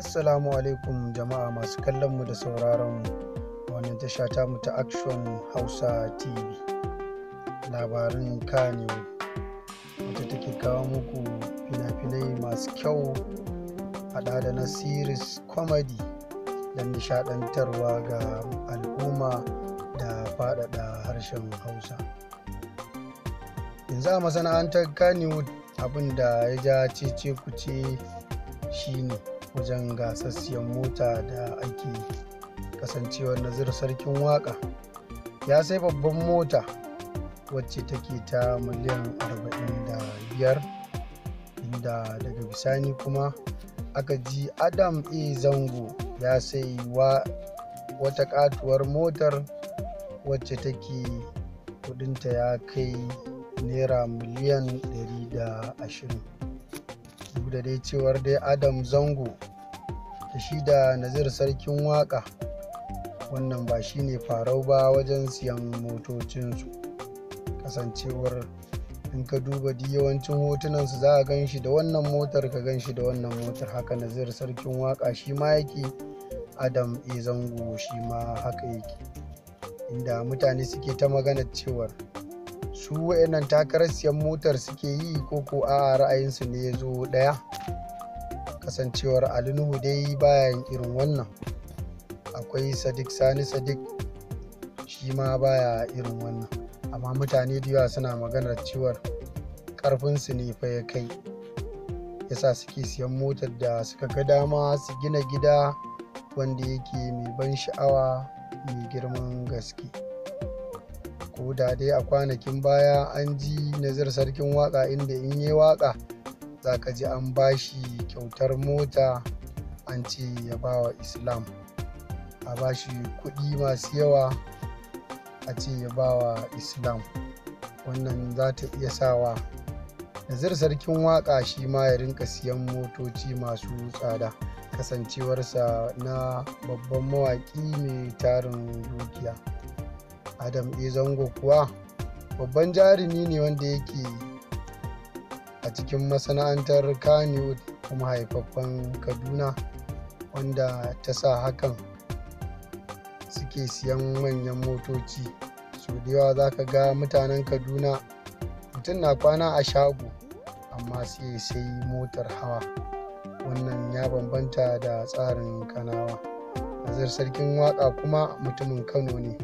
Assalamu alaikum jama'a masu kallon mu da sauraron wannan tasha ta mu ta Action Hausa TV. Labarin kane wata take kawo muku fina-finai masu kyau haɗa da na series comedy don nishaɗantarwa ga al'umma da faɗaɗa harshen Hausa. Yanzu a masana'antar Kannywood abin da ya ja cece kuce Shi shine wajen gasassiyar mota da ake kasancewa nazir sarkin waka ya sai babban mota wacce take ta miliyan 45 inda daga bisani kuma aka ji adam a zango ya sai wa wata katuwar motar wacce take kudinta ya kai naira miliyan 120 duk da dai cewar dai adam zango da shi da nazir sarkin waka wannan ba shi ne farau ba wajen siyan motocinsu kasancewar in ka duba di yawancin hotunansu za a gan shi da wannan motar ka gan shi da wannan motar haka nazir sarkin waka shi ma yake adam e zango shi ma haka yake inda mutane suke ta magana cewar su wa'annan takarar siyan motar suke yi ko ko a ra'ayinsu ne ya zo ɗaya kasancewar alinuhu dai bayan irin wannan akwai sadiq sani sadiq shi ma baya irin wannan amma mutane da yawa suna maganar cewar ƙarfinsu ne fa ya kai yasa suke siyan motar da suka ga dama su gina gida wanda yake mai ban sha'awa mai girman gaske. ko da dai a kwanakin baya an ji nazar sarkin waka inda in yi waka za ka ji an bashi kyautar mota an ce ya ba wa islam a bashi kuɗi masu yawa a ce ya ba wa islam wannan za ta iya sawa Nazar sarkin waka shi ma ya rinka siyan motoci masu tsada kasancewarsa na babban mawaƙi mai tarin dukiya. adam e zango kuwa babban jarumi ne wanda yake a cikin masana'antar kaniwood kuma haifaffen kaduna wanda ta sa hakan suke siyan manyan motoci so da yawa za ka ga mutanen kaduna mutum na kwana a shago amma sai sai motar hawa wannan ya bambanta da tsarin kanawa nazar sarkin waka kuma mutumin kano ne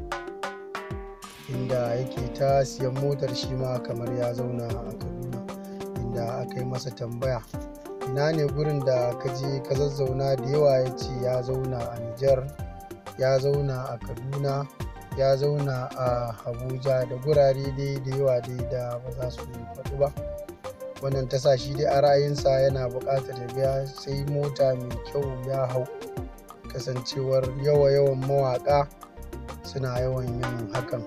inda yake ta siyan motar shi ma kamar ya zauna a kaduna inda aka yi masa tambaya ina ne gurin da ka je ka zazzauna da yawa ya ce ya zauna a nijar ya zauna a kaduna ya zauna a abuja da gurare dai da yawa dai da ba za su faɗi ba wannan ta sa shi dai a ra'ayinsa yana buƙatar ya sai mota mai kyau ya hau kasancewar yawa-yawan mawaƙa suna yawan yin hakan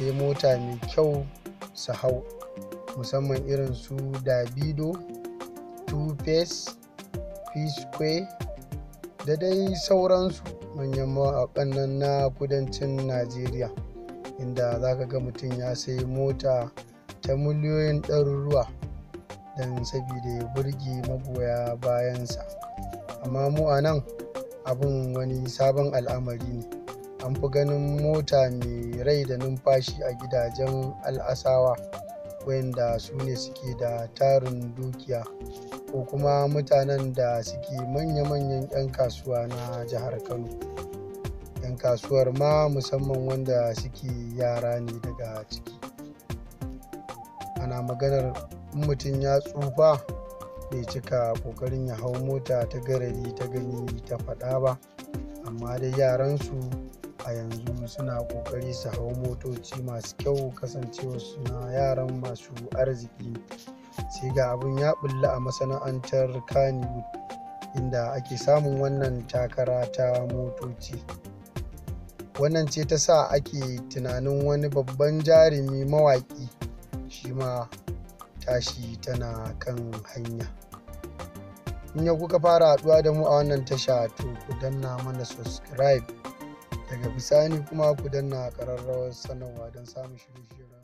sai mota mai kyau su hau musamman irin su davido two face da dai sauransu manyan mawaƙan nan na kudancin najeriya inda za ka ga mutum ya sai mota ta miliyoyin ɗaruruwa don sabida ya burge magoya bayansa amma mu a nan abin wani sabon al'amari ne an fi ganin mota mai rai da numfashi a gidajen al'asawa wayanda su ne suke da tarin dukiya ko kuma mutanen da suke manya-manyan 'yan kasuwa na jihar kano 'yan kasuwar ma musamman wanda suke yara ne daga ciki ana maganar mutum ya tsufa bai cika kokarin ya hau mota ta garari ta gani ta faɗa ba amma dai yaransu a yanzu suna ƙoƙari su hau motoci masu kyau kasancewa suna yaran masu arziki sai ga abin ya bulla a masana'antar kaniwood inda ake samun wannan takara ta motoci wannan ce ta sa ake tunanin wani babban jarumi mawaƙi shi ma tashi tana kan hanya in ya kuka fara haɗuwa da mu a wannan tasha to ku danna mana subscribe daga bisani kuma ku danna ƙararrawar sanarwa don samun shirye-shiryen